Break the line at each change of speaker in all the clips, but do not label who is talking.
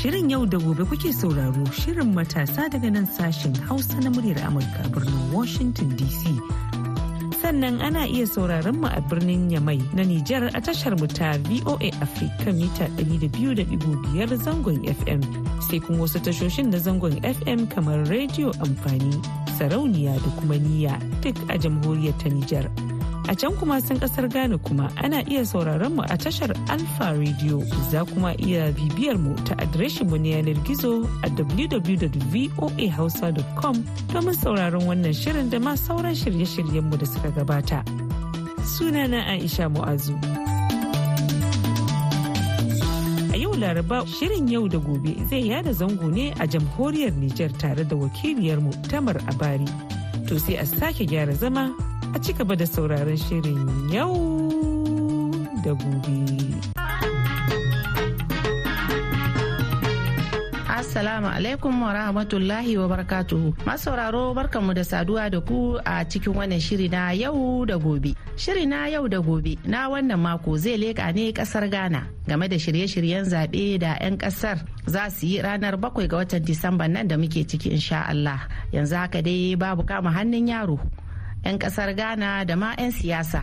Shirin yau da gobe kuke sauraro shirin matasa daga nan sashen Hausa na muryar Amurka birnin Washington DC. Sannan ana iya sauraron mu a birnin Yamai na Nijar a tashar mu ta VOA Africa mita 200.5 zangon FM. Sai kuma wasu tashoshin na zangon FM kamar rediyo amfani, sarauniya da kuma niya duk a jamhuriyar ta Nijar. A can kuma sun kasar Ghana kuma ana iya sauraron mu a tashar Alpha Radio. Za kuma iya bibiyar mu ta adireshin mu na yanar gizo a www.voahausa.com domin sauraron wannan shirin da ma sauran shirye-shiryen mu da suka gabata. Sunana Aisha Mu'azu. a yau laraba shirin yau da gobe zai yada zango ne a jamhuriyar Nijar tare da wakiliyar mu Tamar Abari. To sai a sake gyara zama ci gaba da sauraron shirin yau da gobe.
Assalamu alaikum wa rahmatullahi wa barakatuhu. Masauraro barkanmu da saduwa da ku a cikin wannan shiri na yau da gobe. Shiri na yau da gobe na wannan mako zai leƙa ne ƙasar Ghana game da shirye-shiryen zaɓe da 'yan ƙasar za su yi ranar bakwai ga watan Disamba nan da muke ciki insha Allah. Yanzu haka dai babu kama hannun yaro 'yan kasar ghana da ma 'yan siyasa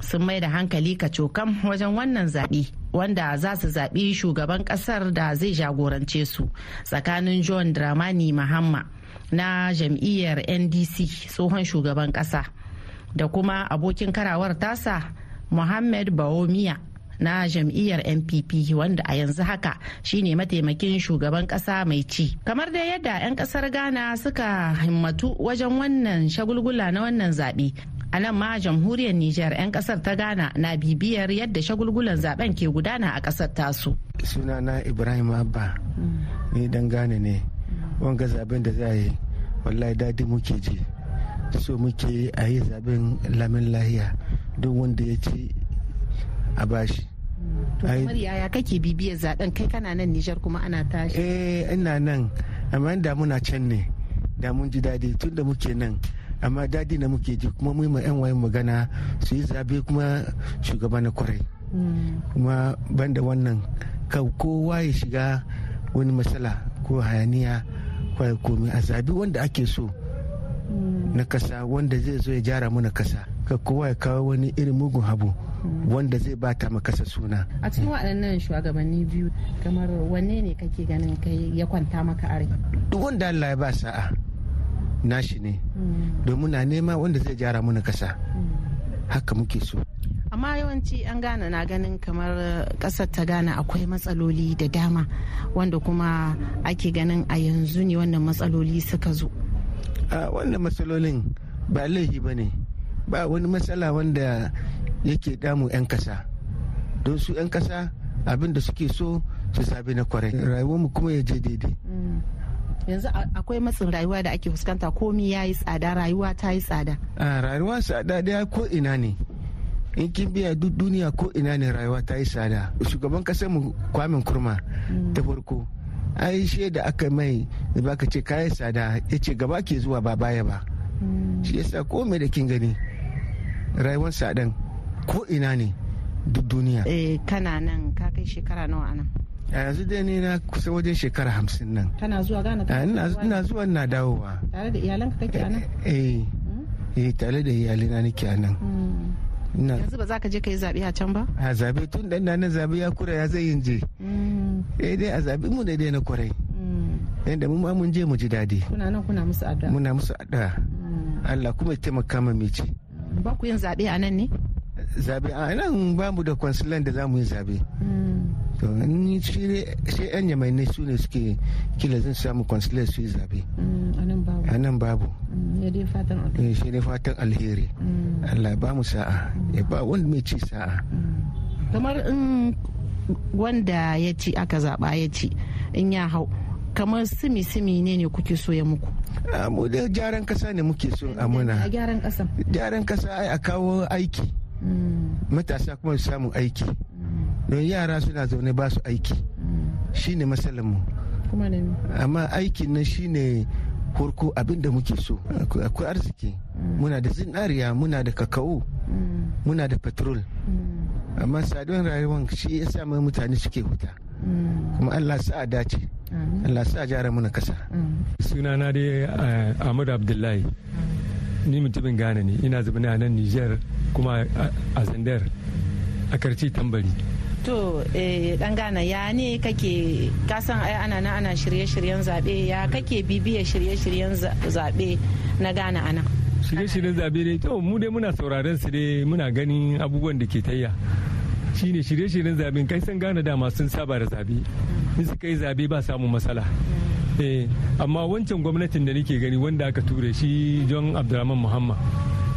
sun mai da hankali kacokam wajen wannan zaɓe wanda za su zaɓi shugaban kasar da zai jagorance su tsakanin john dramani mahamma na jam'iyyar ndc tsohon shugaban kasa da kuma abokin karawar tasa Mohammed Bawomiya na jam'iyyar npp wanda a yanzu haka shine mataimakin shugaban kasa mai ci kamar dai yadda 'yan kasar ghana suka himmatu wajen wannan shagulgula na wannan zaɓe a nan ma jamhuriyar niger 'yan kasar ta ghana na bibiyar yadda shagulgulan zaben ke gudana a kasar
tasu sunana ibrahim abba ni dan ghana ne wanga zaben da za yi wallahi dadi muke ji so muke a yi zaben lamin lahiya duk wanda ya ci a bashi
kamar yaya kake bibiyar zaben kai kana nan nijar kuma ana tashi
eh ina nan amma da muna can ne da mun ji daɗi tun da muke nan amma daɗi na muke ji kuma mu ma yan wayan magana su yi zabe kuma shugaba na kwarai hmm. kuma banda wannan ka kowa ya shiga wani matsala ko hayaniya ko komi a zabi wanda ake so hmm. na kasa wanda zai zo ya jara mana kasa ka kowa ya kawo wani irin mugun habu wanda zai ba ma kasa suna
a cikin waɗannan shugabanni biyu kamar wanne ne kake ganin kai ya kwanta maka are
duk wanda Allah ya ba sa'a nashi ne mm. domin na nema wanda zai jara mana kasa mm. haka muke so
amma yawanci an gane na ganin kamar kasar ta gane akwai matsaloli da dama wanda kuma ake ganin a yanzu ne wannan matsaloli
suka zo wannan matsalolin ba laifi ba ne ba wani matsala wanda yake damu 'yan kasa don su 'yan kasa abin da suke so su sabi na kwarai rayuwarmu kuma ya je daidai
mm. yanzu akwai matsin rayuwa da ake fuskanta komi ya yi tsada rayuwa ta yi tsada
a rayuwa tsada daya ko ina ne in kin biya duk duniya ko ina ne rayuwa ta yi tsada shugaban kasar mu kwamin kurma mm. ta farko ai shi da aka mai da ka ce kayan tsada ya gaba ke zuwa ba baya ba mm. shi yasa ko mai da kin gani rayuwar tsadan ko ina ne duk duniya
eh kana nan ka kai shekara nawa anan
a yanzu dai ne na kusa wajen shekara hamsin nan
kana zuwa gana ina
zuwa na dawowa
tare da iyalanka kake nan eh
eh, eh, hmm? eh tare da iyalina nake nan? Hmm. yanzu
ba za ka je ka yi zaɓe a can ba
a zaɓe tun da nan zaɓe ya kura ya zai yin je
hmm.
eh dai a zaɓe mu dai na kwarai yadda mu ma mun je mu ji daɗi
kuna nan kuna musu addu'a muna
musu addu'a Allah kuma ya taimaka mu ce
ba ku yin zaɓe a nan ne
zabe a nan ba mu da kwansilan da za mu yi zabe hmm. to ni sai yan yamai ne su ne suke kila zan samu kwansilan su yi zabe
hmm, a nan babu hmm, eh,
shi ne fatan alheri allah ba mu sa'a ya ba wanda mai ci sa'a
kamar in wanda ya ci aka zaba ya ci in ya hau kamar simi-simi ne ne kuke so ya
muku mu da gyaran kasa ne muke so a muna gyaran kasa ai a kawo aiki matasa kuma su samu aiki mm. don yara suna zaune ba su aiki mm. Shi ne matsalarmu amma aikin nan ne horko abinda muke so akwai arziki mm. muna da zinariya muna da kakao muna da petrol amma sadon rayuwar shi ya sa mutane suke huta kuma allah sa dace allah sa jara muna kasa
sunana dai eh, ahmad abdullahi ni mutumin gane ne ina zaune a nan niger kuma a zandar a karci tambari
to eh, dan gana ya ne kake kasan ai ana na ana shirye-shiryen zaɓe ya kake bibiya shirye-shiryen zaɓe na gana ana
shirye-shiryen zaɓe ne to mu dai muna sauraron su dai muna ganin abubuwan da ke tayya shine shirye-shiryen zaɓe kai san gana dama sun saba da zaɓe in suka yi zaɓe ba samun matsala eh, amma wancan gwamnatin da nake gani wanda aka ture shi john abdulrahman muhammad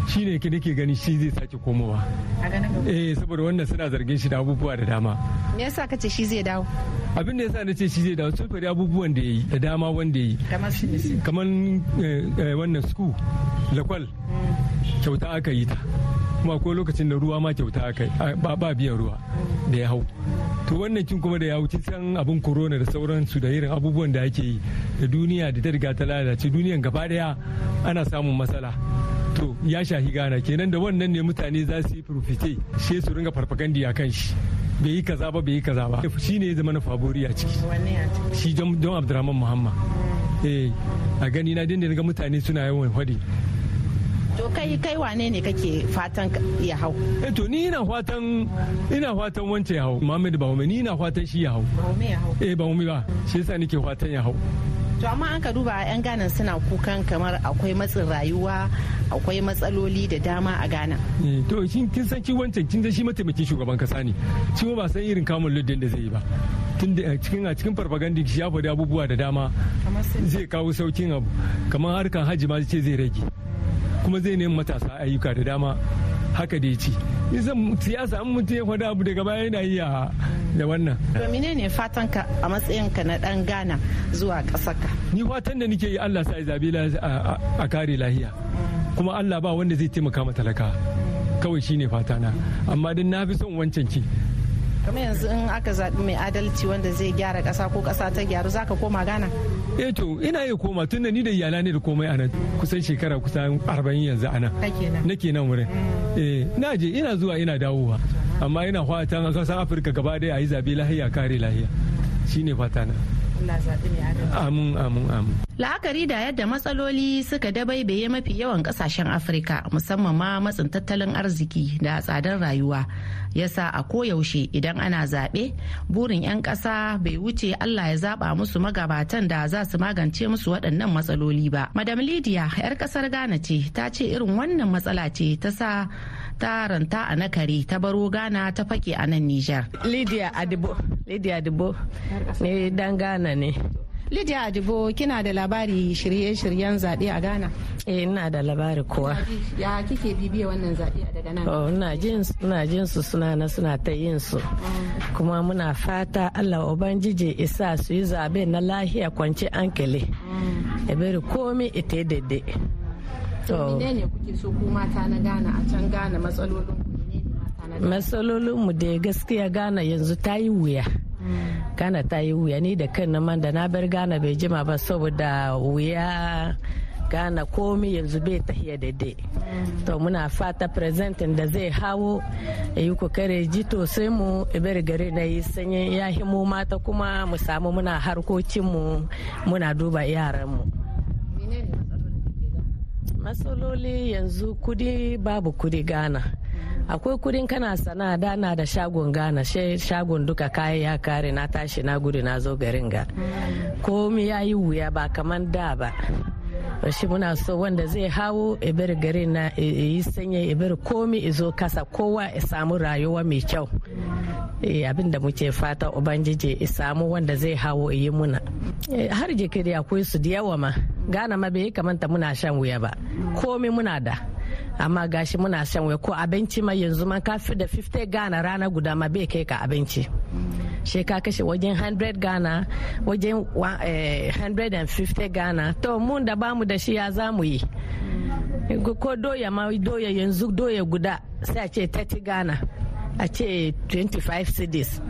shi ne ki nake gani shi zai sake komowa eh saboda wannan suna zargin shi da abubuwa da dama
me yasa ka ce shi zai dawo
abin da yasa ce shi zai dawo sun fari abubuwan da yayi da dama wanda yayi kamar eh, eh, wannan sku lakwal kyauta aka yi ta kuma ko lokacin da ruwa ma kyauta aka yi ba biyan ruwa da ya hau to wannan kin kuma da ya wuce san abin corona da sauransu da irin abubuwan da ake yi da duniya da ta riga ta lalace duniyan gaba daya ana samun matsala to ya shahi gana kenan da wannan ne mutane za su yi profite she su ringa farfagandi a kan shi bai yi kaza ba bai yi kaza ba shi ne ya zama na faburi a ciki shi don abdurrahman muhammad eh, a gani na dinda ga mutane suna yawan hadi
to kai kai wane ne kake fatan
ya hau eh to ni ina fatan ina fatan wance ya hau muhammad bawume ni ina fatan shi ya hau bawume ya hau eh bawume ba shi yasa nake fatan ya hau
to amma an ka duba 'yan ghana suna kukan kamar akwai matsin rayuwa akwai matsaloli da dama a ghana
eh, to shi kin san ki wancan kin san shi mataimakin shugaban kasa ne shi ba san irin kamun luddin da zai yi ba tun da cikin a cikin farfagandi shi ya faɗi abubuwa da dama zai kawo saukin abu kamar harkan hajji ma ce zai rage kuma zai nemi matasa ayyuka da dama haka dai ci nisan siyasa an mutu ya faɗa abu daga baya yana yi da wannan
to ne fatan ka a matsayin ka na dan gana
zuwa ƙasar ka ni fatan da nake yi Allah sa zabe a kare lahiya kuma Allah ba wanda zai taimaka ma talaka kawai shine fatana amma dan na fi son wancan ki
kamar yanzu in aka zaɓi mai adalci wanda zai gyara ƙasa ko ƙasa ta gyaru zaka koma gana
eh to ina iya koma tun da ni da iyala ne da komai a kusan shekara kusan arba'in yanzu a nan nake nan wurin mm. eh na je ina zuwa ina dawowa amma ina fatan a ƙasar afirka gaba daya a yi zaɓe lahiya kare lahiya shine fata na
La'akari da yadda matsaloli suka dabaibaye mafi yawan kasashen Afirka musamman ma matsin tattalin arziki da tsadar rayuwa yasa a koyaushe idan ana zaɓe burin 'yan ƙasa bai wuce Allah ya zaɓa musu magabatan da za su magance musu waɗannan matsaloli ba. Madam Lydia 'yar ƙasar Ghana ce ta ce irin wannan matsala ce ta sa ta ranta a nakari ta baro ghana ta fake a nan niger lydia adibo lydia adibo ne dan ghana ne lydia adibo kina da labari
shirye-shiryen zaɓe a ghana eh ina da labari kuwa
ya kike bibiya wannan zaɓe a daga
nan oh ina jin su suna na suna ta yin su kuma muna fata allah ubangiji isa su yi zaɓe na lahiya kwanci ankele ebere mm. komi ita daidai ne
kuke so ku mata na Ghana a can Ghana
matsalolin mu da gaskiya Ghana yanzu ta yi wuya mm. Ghana ta yi wuya ni da kan man da na bar Ghana bai jima ba saboda wuya Ghana komi yanzu bai tahiya daidai mm. to muna fata presentin da zai hawo ya yi kokare ji to sai mu ibar gare na yi sanyin ya himo mata kuma mu samu muna harkokinmu muna duba yaran mu. matsaloli yanzu kudi babu kudi gana akwai kudin kana sana da na da shagon gana sai shagon duka kayi ya kare na tashi na gudu na zo garin ga komi ya yi wuya ba kaman da ba shi muna so wanda zai hawo ibir gari na yi sanya ibir komi izo kasa kowa ya samu rayuwa mai kyau eh, abin muke fata ubangiji ya samu wanda zai hawo yi muna eh, har jikiri akwai su da yawa ma gana ma bai kamanta muna shan wuya ba komai muna da amma gashi muna shan wuya ko abinci ma yanzu man ka fi da 50 gana rana guda ma bai kai ka abinci she ka kashe wajen 100 gana wajen 150 eh, gana to mun da bamu da shi ya za mu yi ko doya ma doya yanzu doya guda sai a ce 30 gana a ce 25 cities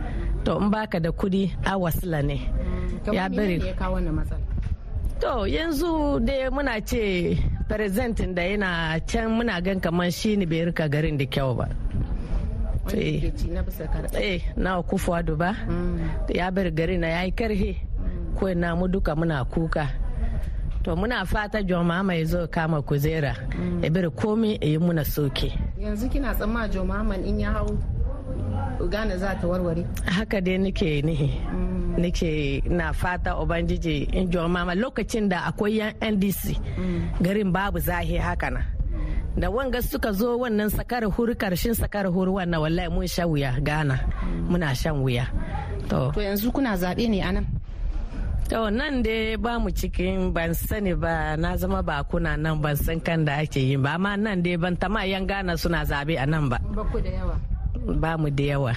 to in baka da kudi awasla ne ya bari ya kawo wannan matsala To yanzu dai muna ce presentin da yana can muna gan kamar shi ne bai rika garin da kyau ba. Eh. eh na kufuwa duba mm. ya bar gari na ya yi karhe mm. ko na mu duka muna kuka. To muna fata joma mai zo kama kuzera mm. ya bar komi ya yi muna soke. Yanzu
kina tsamma man in ya hau Ugana za
ta warware? Haka dai nake nihi. Mm. nake na fata ubangiji in mama lokacin da akwai yan ndc garin babu zahi haka na da wanga suka zo wannan sakar huru karshen sakar huru wannan wallahi mun sha wuya gana muna shan wuya to yanzu kuna zaɓe ne anan To nan dai ba mu cikin ban sani ba na zama ba kuna nan ban san kan da ake yi ba amma nan dai ban tama yan gana suna zabe a nan ba.
Ba ku da yawa.
Ba mu da yawa.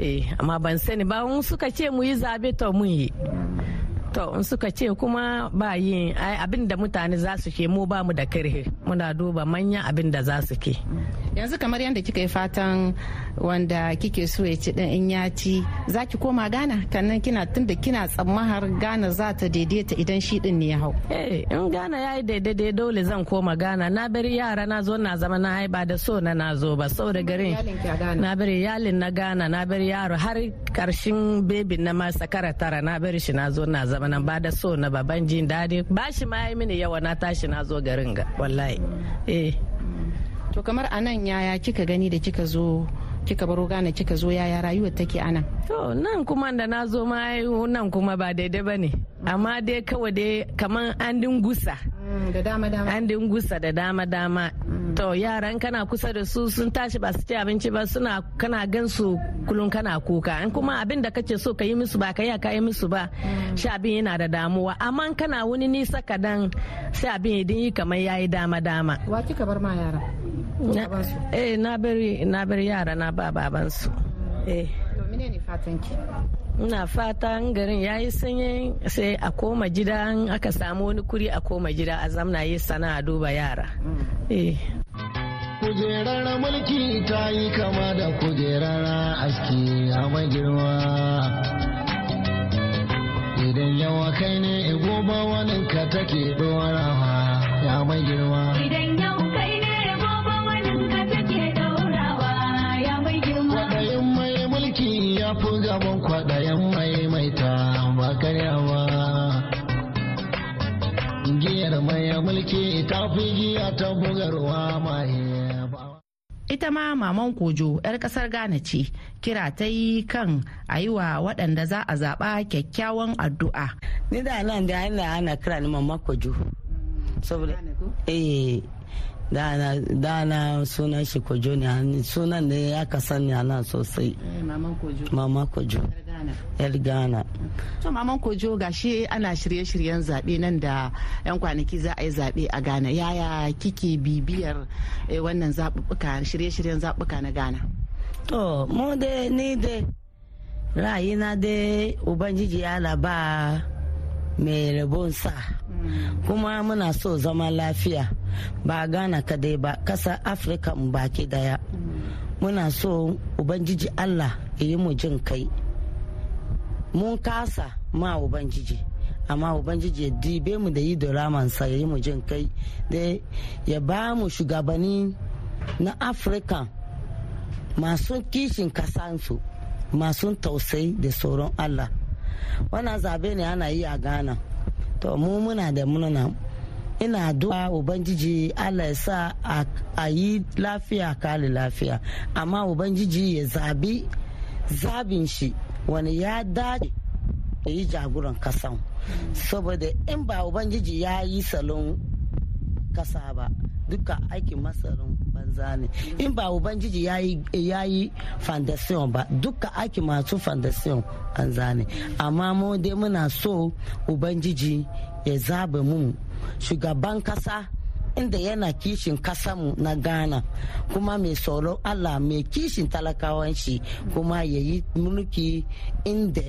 eh amma ban sani ba in suka ce mu yi zabe to mu yi to in suka ce kuma ba yin abin da mutane za su ke mu ba mu da karhe muna duba manyan abin da za su ke
yanzu kamar yadda kika yi fatan wanda kike so ya ci in ya ci za ki koma gana kannan kina tunda kina tsammahar gana za ta daidaita idan shi din ne ya hau eh
in gana ya yi daidai dole zan koma gana na bari yara na zo na zama na haiba da so na na zo ba da garin na bari yalin na gana na bari yaro har karshen bebin na ma sakara tara na bari shi na zo na zama nan ba da so na ban jin daɗi ba shi ma ya mini yawa na tashi na zo garin ga wallahi eh to kamar anan yaya
kika gani da kika zo kika baro gane kika zo yaya rayuwar take anan
to nan kuma da na zo ma nan kuma ba daidai ba ne amma dai kawai dai kamar an dingusa mm, da dama dama an dingusa da dama dama mm. to yaran kana kusa da su sun tashi ba su ci abinci ba suna kana gan su kullum kana kuka an kuma abin da kace so ka yi musu ba ka yi ka yi musu ba mm. shi abin yana da damuwa amma kana wani nisa kadan sai abin ya yi kamar yayi dama dama wa kika bar ma yara eh na bari na bari yara na ba baban su
eh to
fatan garin ya yi sanyi sai a koma gida aka samu wani kuri a koma gida a zamna yi sana'a duba yara mm. eh.
kujerar mulki ta yi kama da kujerar aski a magirma
idan yawa kai ne igoba wani ka take dorawa ya magirma idan
ita
ma maman kojo 'yar kasar ghana ce kira ta yi kan a yi wa waɗanda
za a zaɓa kyakkyawan addu'a ni da nan da ana kira ni maman kojo saboda dana sunan shi kojo ne sunan ne ya ne a nan sosai eh, mama kojo yar ghana
to maman kojo gashi ana
shirye-shiryen zaɓe nan da 'yan
kwanaki za a yi zaɓe a ghana yaya kike bibiyar eh, wannan zaɓuɓɓuka shirye-shiryen zaɓuka na ghana
to mu dai ni dai rayina dai ubangiji ya ba mai rabon sa mm. kuma muna so zama lafiya ba gana kadai ba kasa afirka baki daya mm. muna so ubangiji allah yi mu jin kai mun kasa ma ubangiji amma ubangiji ya dibe mu da yi sa ya yi mu jin kai da ya ba mu shugabanni na afirka masu kishin kasansu masu tausayi da sauran allah wannan zabe ne ana yi a ghana to mu muna da muna ina duwa ubangiji allah ya sa a yi lafiya kali lafiya amma ubangiji ya zabi zabin shi wani ya dace ya yi jagoran kasan saboda in ba ubangiji ya yi salon kasa ba duka aikin masarun banza ne in ba ubangiji ya yi foundation ba duka ake masu foundation an zane amma mu dai muna so ubangiji ya zaba mu shugaban kasa inda yana kishin kasanmu na ghana kuma mai tsoron allah mai kishin talakawan shi kuma ya yi mulki inda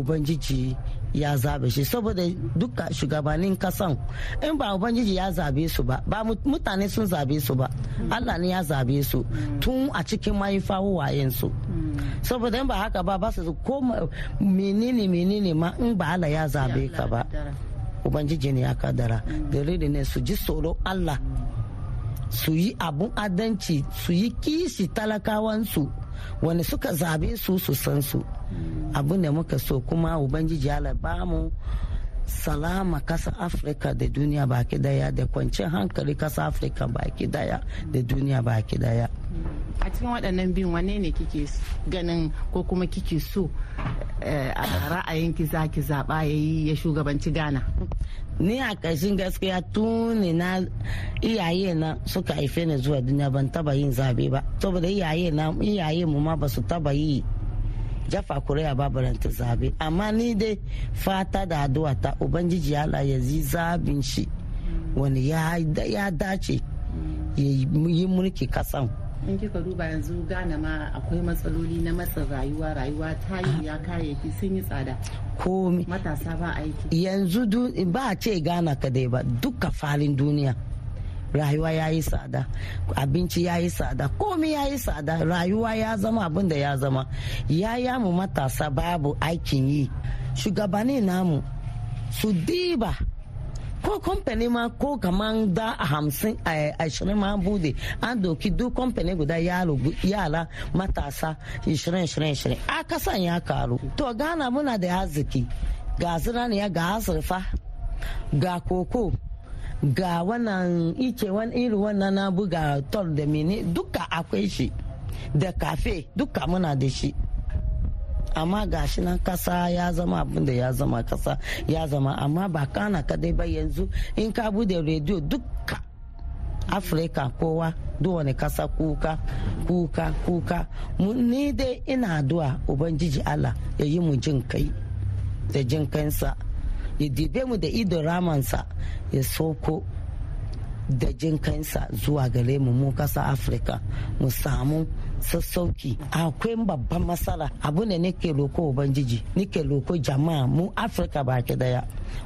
ubangiji ya zabe shi saboda duka shugabannin kasan in ba ubangiji ya zabe su ba ba mutane sun zabe su ba allah ne ya zabe su tun a cikin mahaifa wayensu saboda in ba haka ba ba su ko menene menene ma in ba allah ya zabe ka ba ubangiji ne ya kadara da ne su ji tsoron allah su yi abun adanci su yi kishi talakawansu wani suka zabe su su san su abu da muka so kuma ubangiji Allah ba mu salama kasa afirka da duniya baki daya da kwanci hankali kasa afirka baki daya da duniya baki daya
a cikin waɗannan bin wane ne kike ganin ko kuma kike so eh,
a ra'ayin
ki za zaɓa ya yi ya shugabanci ghana
ni a ƙarshen gaskiya tuni na iyaye na suka haife ni zuwa duniya ban taba yin zabe ba saboda iyaye na iyaye mu ma ba su taba yi jafa ba babaranta zabe amma ni dai fata da addu'a ta ubangiji Allah ya zi zabin shi wani ya dace ya yi mulki kasan
in kika duba yanzu gane ma akwai matsaloli na matsin rayuwa rayuwa ta yi ya kayayyaki sun
yi tsada komi matasa ba aiki yanzu ba a ce gana dai ba duka falin duniya rayuwa ya yi tsada abinci ya yi tsada komi ya yi tsada rayuwa ya zama abin da ya zama ya yamu matasa babu aikin yi shugabanni namu su diba ko kamfani ma ko kaman da hamsin ashirin ma bude an doki duk kamfani guda yara matasa ishirin ishirin ishirin a kasan ya karu to gana muna da ziki ga ya ga azurfa ga koko ga wannan ike wani iri wannan na ga tol da mini duka akwai shi da kafe duka muna da shi amma shi nan kasa ya zama abin da ya zama kasa ya zama amma ba kana dai ba yanzu in ka bude rediyo dukka afirka kowa wani kasa kuka kuka kuka ni dai ina addu'a ubangiji allah ya yi mu jin kai da jin kansa ya dibe mu da ido ramansa ya soko da jin kansa zuwa gare mu mu kasa afirka mu samu sassauki akwai babban matsala abu ne nake roko ubangiji nake roko jama'a mu afirka baki daya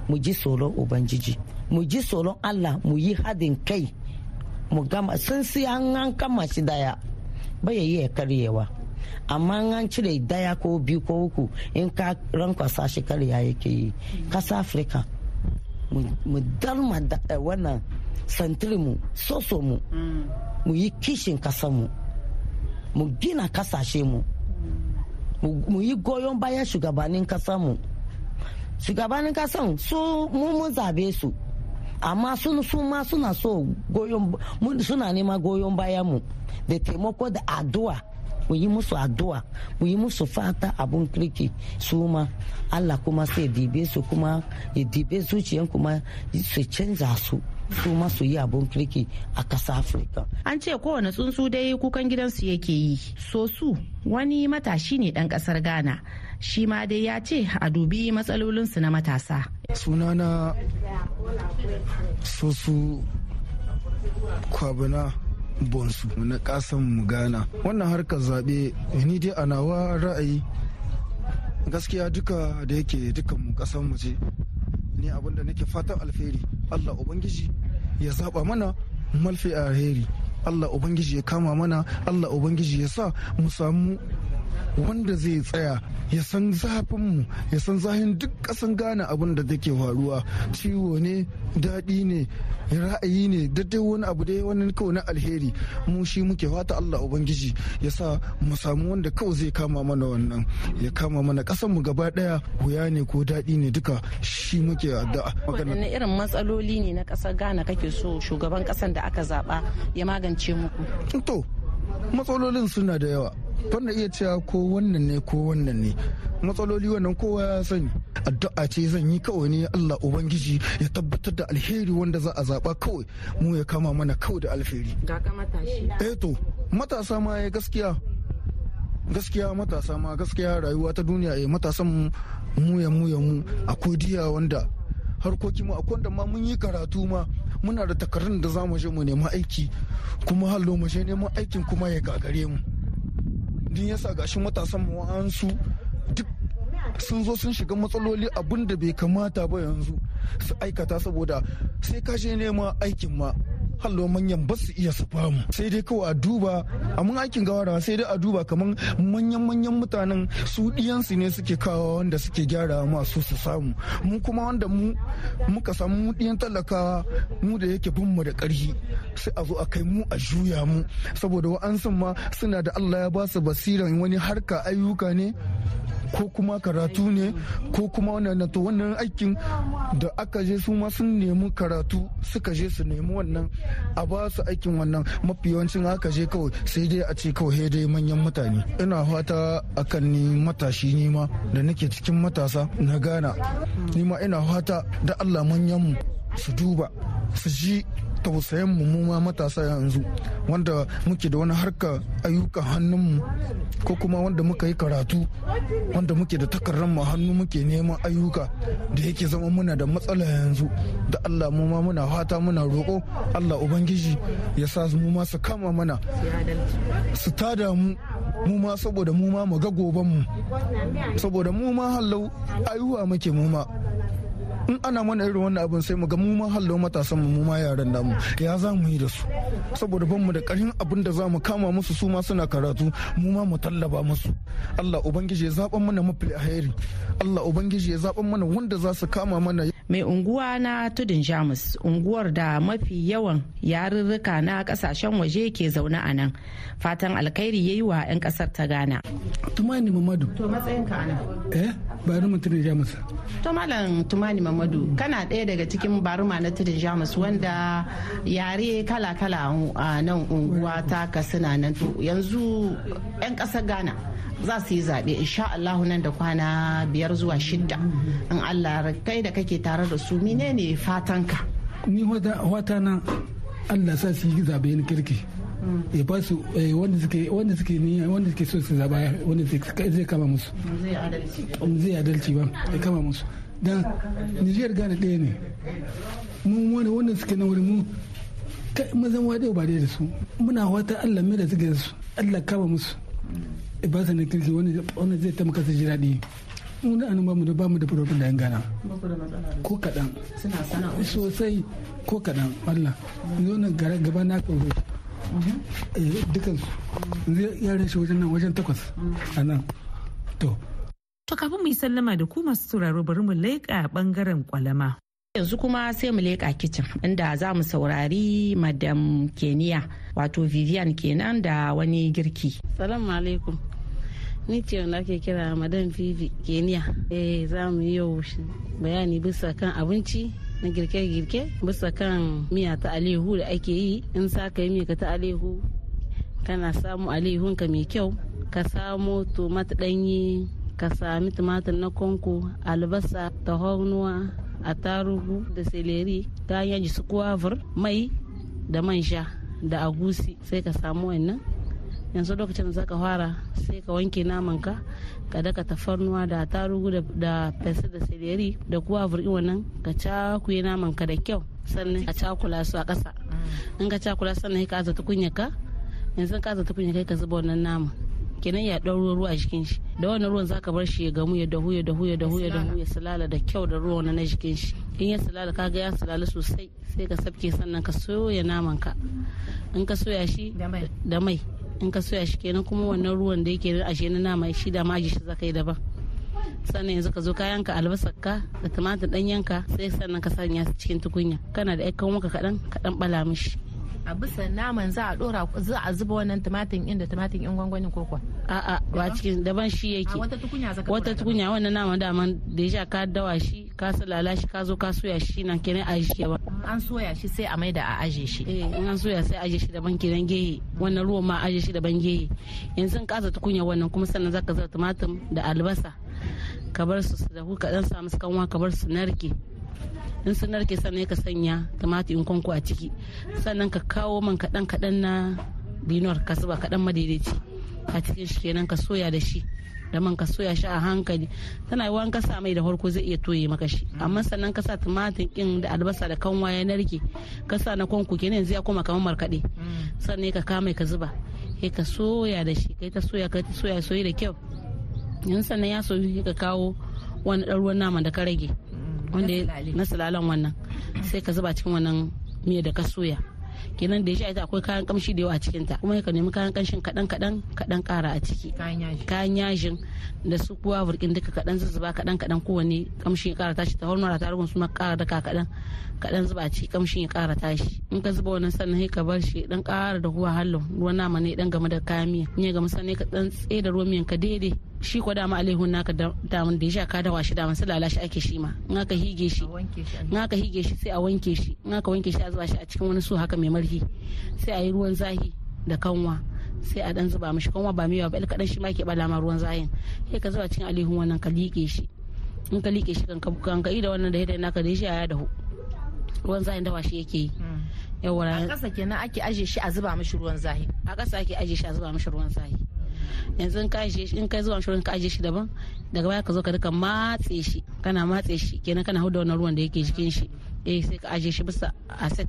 mu ji tsoron ubangiji mu ji tsoron allah mu yi hadin kai mu gama sun si an kama shi daya bai yi karyewa amma an cire daya ko biyu ko uku in ka rankwasa shi karya yake yi kasa afirka mu dalma eh, wannan santirinmu soso mu mm. mu yi kishin kasanmu mu mu gina kasashe mu mu yi goyon bayan shugabannin kasa mu shugabannin kasan su mu mun zabe su amma sun su ma suna so goyon suna nema goyon bayan mu da taimako da addu'a mu yi musu addu'a mu yi musu fata abun kirki su ma Allah kuma sai dibe su kuma ya dibe zuciyan kuma su canza su su masu yi abun kirki a ƙasa afirka
an ce kowane tsuntsu dai kukan gidansu yake yi sosu wani matashi ne ɗan kasar ghana shi ma dai ya ce a dubi matsalolinsu na matasa
sunana su kwabana bonsu na kasan ghana wannan harkar zaɓe ni dai a nawa ra'ayi gaskiya duka da yake dukan mu kasan mu ce ni abinda nake fatan alheri allah ubangiji ya zaba mana malfi alheri Allah Ubangiji ya kama mana Allah Ubangiji ya sa mu samu wanda zai tsaya ya san zafinmu ya san zahin duk kasan gane abin da take faruwa ciwo ne daɗi ne ra'ayi ne dai wani abu dai wani kawai na alheri mu shi muke fata Allah ubangiji ya sa mu samu wanda kawai zai kama mana wannan ya kama mana ƙasan mu gaba ɗaya wuya ne ko daɗi ne duka shi muke addu'a wadanne
irin matsaloli ne na ƙasar Ghana kake so shugaban ƙasan da aka zaɓa ya magance muku
to matsalolin suna da yawa na iya cewa ko wannan ne ko wannan ne matsaloli wannan kowa ya sani addu'a ce zan yi kawai ne Allah ubangiji ya tabbatar da alheri wanda za a zaba kawai mu ya kama mana kawai da alheri ga matashi eh to matasa ma ya gaskiya gaskiya matasa ma gaskiya rayuwa ta duniya ya eh matasan mu ya mu ya mu akwai diya wanda harkoki mu akwai wanda ma mun yi karatu ma muna da takarun da za mu je mu nema aiki kuma hallo mu je neman aikin kuma ya gagare mu din yasa gashi matasan mu su duk sun zo sun shiga matsaloli abun da bai kamata ba yanzu su aikata saboda sai ka je nema aikin ma hallo manyan ba su iya su famu sai dai kawai a duba a mun aikin gawarawa sai dai a duba kamar manyan manyan mutanen su diyansu ne suke kawo wanda suke gyara masu su samu mu kuma wanda mu muka samu mu diyan talakawa mu da yake bin mu da karhi sai a zo a kai mu a juya mu saboda wa'ansu ma suna da Allah ya ba su basiran wani harka ayyuka ne ko kuma karatu ne ko kuma wannan to wannan aikin da aka je su ma sun nemi karatu suka je su nemi wannan a ba su aikin wannan mafi yawancin aka je kawai sai dai a ce kawai sai dai manyan mutane ina fata akan ni matashi ni ma da nake cikin matasa na gana ni ma ina fata da Allah manyan mu su duba su ji tausayin mu mu ma matasa yanzu wanda muke da wani harka ayyukan hannunmu ko kuma wanda muka yi karatu wanda muke da takardar mu hannu muke neman ayyuka da yake zama muna da matsala yanzu da Allah mu ma muna fata muna roƙo Allah ubangiji ya sa mu ma su kama mana su tada mu mu ma saboda mu ma mu ga goban saboda mu ma hallau ayuwa muke mu ma in ana mana irin wannan abin sai mu ga mu ma hallo matasan mu ma yaran namu ya za mu yi da su saboda ban mu da karin abin da za mu kama musu su ma suna karatu mu ma mu tallaba musu Allah ubangiji ya zaban mana mafi alheri Allah ubangiji ya zaban mana wanda za su kama mana mai unguwa na tudun jamus unguwar
da mafi yawan yarurruka na kasashen waje ke zaune a nan fatan alkhairi ya yi wa 'yan kasar ta ghana
tumani mamadu to matsayinka a eh baruma tudun jamus
to tumani mamadu kana ɗaya daga cikin baruma na tudun jamus wanda yare kala-kala a nan unguwa ta kasina nan yanzu 'yan kasar ghana za su yi zaɓe insha Allah nan da kwana biyar zuwa shidda in Allah kai da kake tare da su menene fatanka
ni wata na Allah sa su yi zaɓe ni kirki ya ba su eh, wanda suke ni wanda suke so su zaba wanda zai kama musu
zai
adalci ba ya kama musu dan Nijiyar Ghana ɗaya ne mu wani wanda suke na wuri mu mazan wadai ba da su muna wata Allah mai da suke su Allah kama musu Eh, ba su ne kirki wani zai taimaka su ji daɗi wani da anan bamu da bamu da problem da yan gana ko kaɗan eh, sosai ko kaɗan Allah zo na gaba na kawo mhm. eh, dukan yare shi wajen nan wajen takwas mm. a nan to
to kafin mu yi sallama da ku masu sauraro bari mu leƙa bangaren kwalama yanzu kuma sai mu leƙa kicin inda
za mu saurari madam keniya wato vivian kenan da wani girki
salamu alaikum ni ce wanda ake kira madan vivi keniya eh za mu yi yau bayani bisa kan abinci na girke-girke bisa kan miya ta alihu da ake yi in sa ka yi miya ta alihu kana samu alihunka mai kyau ka samo tomat ɗanyi ka sami tumatir na konko albasa a tarugu da seleri ta yaji su kuwa mai da man sha da agusi sai ka samu wannan yanzu lokacin da ka fara sai ka wanke naman ka ka daka tafarnuwa da tarugu da fesa da seleri da kuwa vurgi wannan ka cakuye naman ka da kyau sannan ka cakula su a ƙasa mm. in ka cakula sannan ka aza kunya ka yanzu ka aza kunya kai ka zuba wannan naman kenan ya ɗauro ruwa a jikin shi da wannan ruwan zaka bar shi ya gamu ya dahu ya dahu ya dahu ya dahu ya sulala da kyau da ruwan na jikin shi in ya sulala ga ya sulala sosai sai ka sabke sannan ka soya naman ka in ka soya shi da mai in ka soya shi kenan kuma wannan ruwan da yake ashe na nama shi da ma shi zaka yi daban sannan yanzu ka zo ka yanka albasar ka da tumatir dan yanka sai sannan ka sanya su cikin tukunya kana da ƴan maka kaɗan kaɗan bala mishi
a bisa naman za a dora za a zuba wannan tumatin da tumatin in gwangwanin ko a a ba cikin
daban shi yake wata tukunya zaka wata tukunya wannan naman da man da ya ka dawa shi ka salala shi ka zo ka soya shi nan kenan a shi ba an soya shi sai a maida a aje shi eh an soya sai aje shi daban kenan gehe wannan ruwan ma aje shi daban gehe yanzu in kasa tukunya wannan kuma sannan zaka zuba tumatin da albasa ka bar su su dahu ka dan samu kanwa ka bar su narke in sun ke sannan ka sanya tumatirin kwanko a ciki sannan ka kawo man kaɗan kaɗan na dinuwar ka zuba kaɗan madaidaici a cikin shi kenan ka soya da shi da man ka soya shi a hankali tana yawan ka sa mai da farko zai iya toye maka shi mm. amma sannan ka sa tumatir kin da albasa da kanwa ya narke ka sa na kwanku kenan zai koma kamar markaɗe mm. sannan ka kama ka zuba kai ka soya da shi kai ta soya kai ta soya soyi da kyau yan sannan ya soyu ka kawo wani ɗan ruwan nama da ka rage wanda na lalon wannan sai ka zuba cikin wannan miya da ka soya kenan da ya ita akwai kayan kamshi da yawa a cikin ta kuma ka nemi kayan kamshin kadan kadan kadan kara a ciki kayan yajin da su kuwa burkin duka kadan zuzuba kadan kadan kowane kamshin ya kara tashi ta hormona ta rubun suna kara daka kadan kadan zuba a ciki kamshin ya kara tashi in ka zuba wannan sannan sai ka bar shi dan kara da ruwa hallo ruwan nama ne dan game da kayan miya in ya gama sannan ka dan tsaye da ruwan miyan ka daidai shi ko dama alaihun naka damun da ya sha ka dawa shi damun su lalashi ake shi ma in aka hige shi in aka hige shi sai a wanke shi in aka wanke shi a zuba shi a cikin wani su haka mai marhi sai a yi ruwan zahi da kanwa sai a dan zuba mishi kanwa ba miyawa ba dan shi ma ke bala ma ruwan zahin sai ka zuba cikin alihun wannan ka liƙe shi in ka liƙe shi kan ka da wannan da hidda naka da shi aya ya dahu ruwan zahin dawa shi yake yi hmm. yawa a ƙasa kenan ake aje shi a zuba mishi ruwan zahi a ƙasa ake aje shi a zuba mishi ruwan zahi yanzu in ka aje shi in ka zuba mishi ruwan ka aje shi daban daga baya ka zo ka rika matse shi kana matse shi kenan kana hudu wannan ruwan da yake jikin shi eh sai ka aje shi bisa aset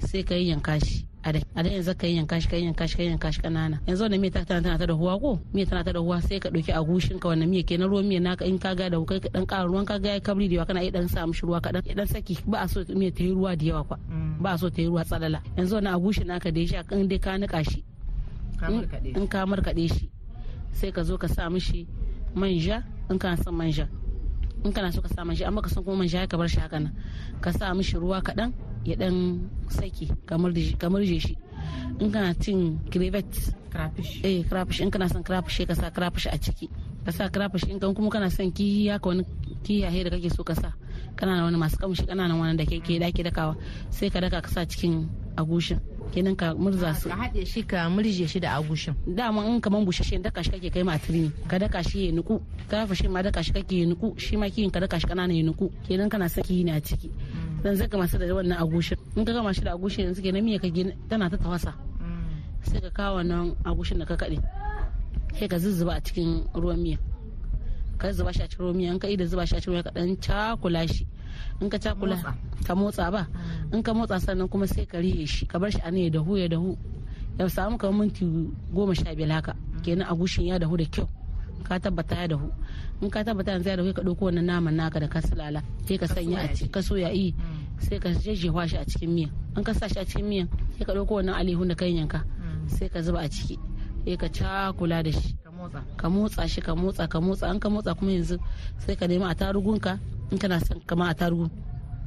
sai ka yi yanka shi a da a yanzu ka yi yanka shi ka yi yanka shi ka yi yanka shi kanana yanzu wannan miya tana tana ta da huwa ko miya tana ta da huwa sai ka dauki agushin ka wannan miya ke na ruwan miya naka in ka gada da kai ka dan ƙara ruwan ka ga ya kabri da yawa kana iya dan sa mishi ruwa kadan dan saki ba a so miya ta yi ruwa da yawa kwa mm. ba a so ta yi ruwa tsalala yanzu wannan agushin naka da ya sha kan dai ka nika shi in ka markaɗe shi sai ka zo ka sa mishi manja in ka san manja in kana so ka sa mashi amma ka san kuma man shi ka bar shi haka nan ka sa mishi ruwa kaɗan ya dan saki kamar je shi in kana cin crevet eh crayfish in kana son crayfish ka sa crayfish a ciki ka sa crayfish in kan kuma kana son kihi haka wani kiyaye da kake so ka sa kana wani masu kamshi kana wani da ke daki dakawa sai ka daka ka sa cikin agushin kenan ka murza su ka haɗe shi ka murje shi da agushin dama in kaman bushashe daka shi kake kai ma turmi ka daka shi ya nuku ka fashe ma daka shi kake ya nuku shi ma kiyin ka daka shi kanana ya nuku kenan kana saki ne a ciki dan zaka masa da wannan agushin in ka gama shi da agushin yanzu kenan miya ka tana ta tafasa mm. sai ka kawo nan agushin da ka kaɗe sai ka zuzzuba a cikin ruwan miya ka zuba shi a cikin ruwan miya in ka da zuba shi a cikin ruwan ka dan cakula shi in ka cakula ka motsa ba mm. in ka motsa sannan kuma sai ka rihe shi ka bar shi a ne ya dahu ya dahu ya samu kamar minti goma sha biyar haka mm. kenan a gushin ya dahu da kyau ka tabbata ya dahu in ka tabbata yanzu ya dahu ka ɗauko wannan naman naka da ka silala sai ka sanya a cikin ka soya yi eh. mm. sai ka jejjewa shi a cikin miyan in ka sa shi a cikin miyan sai ka ɗauko wannan alihu da kan yanka sai ka zuba a ciki sai ka cakula da shi ka motsa shi ka motsa ka motsa an ka motsa kuma yanzu sai ka nemi a tarugunka in kana son kama a tarugu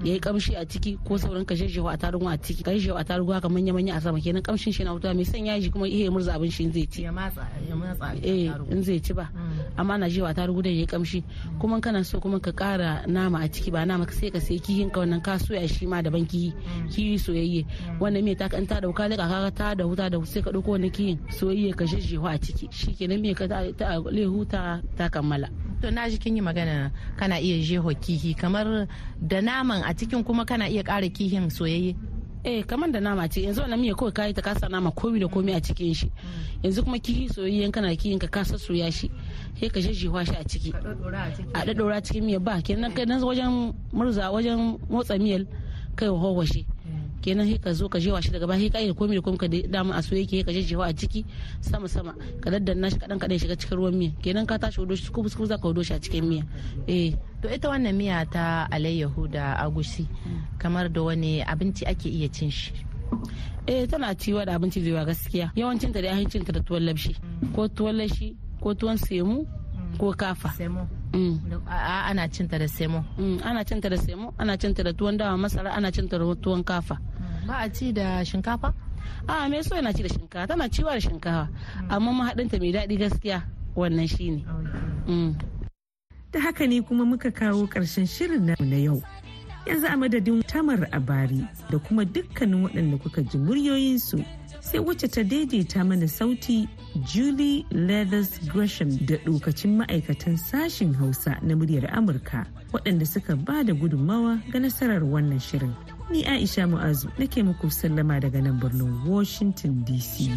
ya yi kamshi a ciki ko sauran ka jejjewa a tarugu a ciki ka jejjewa a tarugu haka manya manya a sama kenan kamshin shi na wuta mai sanya shi kuma iya murza abin shi in zai ci ya matsa ya matsa eh in zai ci ba hmm. amma na jewa a tarugu da ya yi kamshi kuma kana so kuma ka kara nama a ciki ba nama sai ka sai kihin ka wannan ka soya shi ma daban kihi hmm. kihi soyayye hmm. wannan mai ta kan ta dauka da kaka ta da wuta da sai ka dauko wannan kihin soyayye ka jejjewa
a ciki shikenan me ka ta lehuta ta kammala to na ji kin yi magana kana iya jeho kihi kamar da naman a cikin kuma kana iya ƙara kihin soyayye eh kamar da nama ce yanzu wannan miya kawai kayi ta kasa nama komi da komi a cikin shi mm. yanzu kuma kihi
soyayye kana kihin ka kasa soya shi sai ka jejjewa shi a ciki a daddora cikin miya ba kenan kai nan wajen murza wajen motsa miyal kai wahawashe kenan sai ka zo ka jewa shi daga baya sai ka komai da komai ka dama a soyayya ka je jewa a ciki sama sama ka daddanna shi kadan kadan shiga cikin ruwan miya kenan ka tashi wado shi kuma za ka wado shi a cikin miya eh to ita wannan miya ta alayyahu da agushi kamar da wani abinci ake iya cin shi eh tana ciwa da abinci da gaskiya yawancin ta da abincin ta da tuwon labshi ko tuwon ko tuwon semu ko kafa mm. ana cinta da semo mm, ana cinta da semo ana cinta da tuwon dawa masara ana cinta da tuwon kafa mm, ba a ci da shinkafa a me so yana ci da shinkafa tana ciwa da shinkafa amma mahaɗinta mai daɗi gaskiya wannan shine oh,
da haka ne kuma muka kawo ƙarshen shirin na yau yanzu a madadin tamar abari da kuma dukkanin waɗanda kuka ji muryoyinsu sai wacce ta daidaita mana sauti Julie Leathers Gresham da dokacin ma'aikatan sashin Hausa na muryar Amurka waɗanda suka ba da gudunmawa ga nasarar wannan shirin. Ni Aisha Mu'azu nake muku sallama daga nan birnin Washington DC.